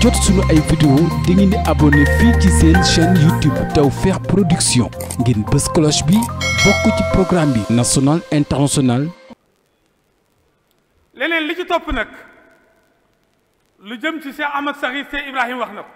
jot suñu ay vidéo da ngeen di abonné fii ci seen chaîne YouTube Tawfekh Production ngeen bës cloche bi bokk ci programme bi national international leneen li ci topp nag lu jëm ci Cheikh amat Sakhir Sy Ibrahim wax na ko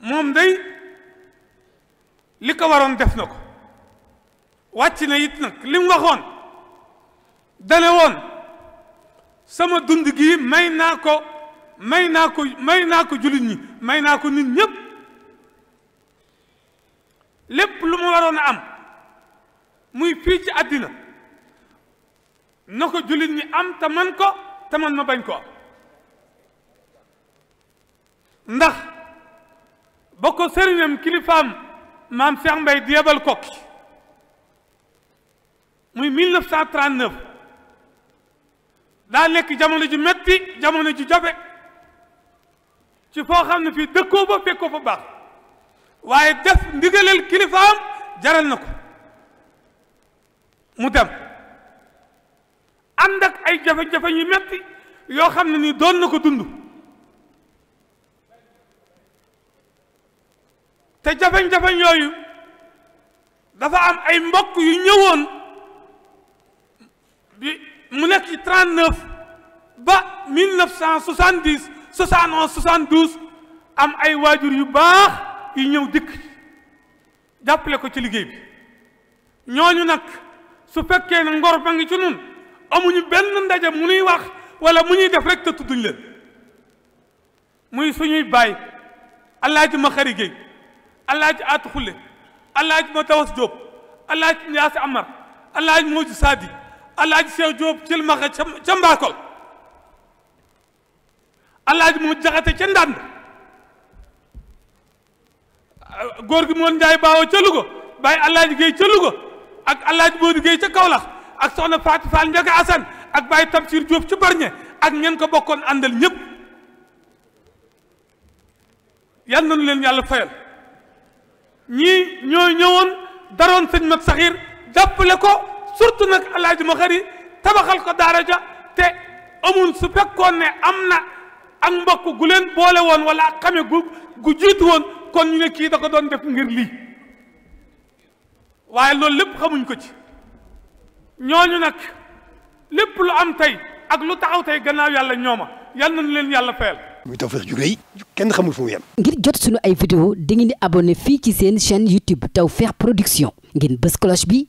moom day li ko waroon def na ko wàcc na it nag li waxoon dane sama dund gii may naa ko may naa ko may naa ko jullit ñi may naa ko nit ñépp lépp lu ma waroon am muy fii ci àddina na ko jullit ñi am te man ko te ma bañ ko am ndax ba ko sëriñam kilifaam maam Cheikh Mbaye di yebal kokki muy 1939 daa nekk jamono ji metti jamono ji jafe ci foo xam na fii dëkkoo ba fekkoo fa baax waaye def ndigaleel kilifaam jaral na ko mu dem ànd ak ay jafe-jafe yu metti yoo xam ne nii doon na ko dund te jafe-jafe yooyu dafa am ay mbokk yu ñëwoon di mu nekk ci 39 ba 1970 71 72 am ay waajur yu baax yu ñëw dikk jàppale ko ci liggéey bi ñooñu nag su fekkee ne ngor ba ngi ci nun amuñu benn ndaje mu nuy wax wala mu ñuy def rek te tudduñ leen muy suñuy baay alaaji ma xari géey alaaji aatu xulle alaaji ma tawas jóob alaaji njaasi amar alaaji mooju saadi alaaj Seex Jóob cil maxa ca mbaakol alaaj mu jaxate ca ndànd góor gi moon njaay baawo ca Luga bàyyi alaaj géey ca Luga ak alaaj Moodu géey ca Kawlax ak soxna Fatou Fall Njaga Asan ak bàyyi Tafsir Jóob ci Barñe ak ñeen ko bokkoon àndal ñépp yal nañu leen yàlla fayal ñii ñoo ñëwoon daroon sëñ mat saxiir jàppale ko surtout nag alaaji ma xëri tabaxal ko daara ja te amul su fekkoon ne am na ak mbokk gu leen boole woon wala ak xame gu gu jiitu woon kon ñu nekk kii da ko doon def ngir lii waaye loolu lépp xamuñ ko ci ñooñu nag lépp lu am tey ak lu taxaw tey gannaaw yàlla ñooma yal nañu leen yàlla fayal. muy Tawfekh ju rëy kenn xamul fu mu yem. ngir jot suñu ay vidéo dangeen di abonné fii ci seen chaîne YouTube Tawfekh Production ngeen bës cloche bi.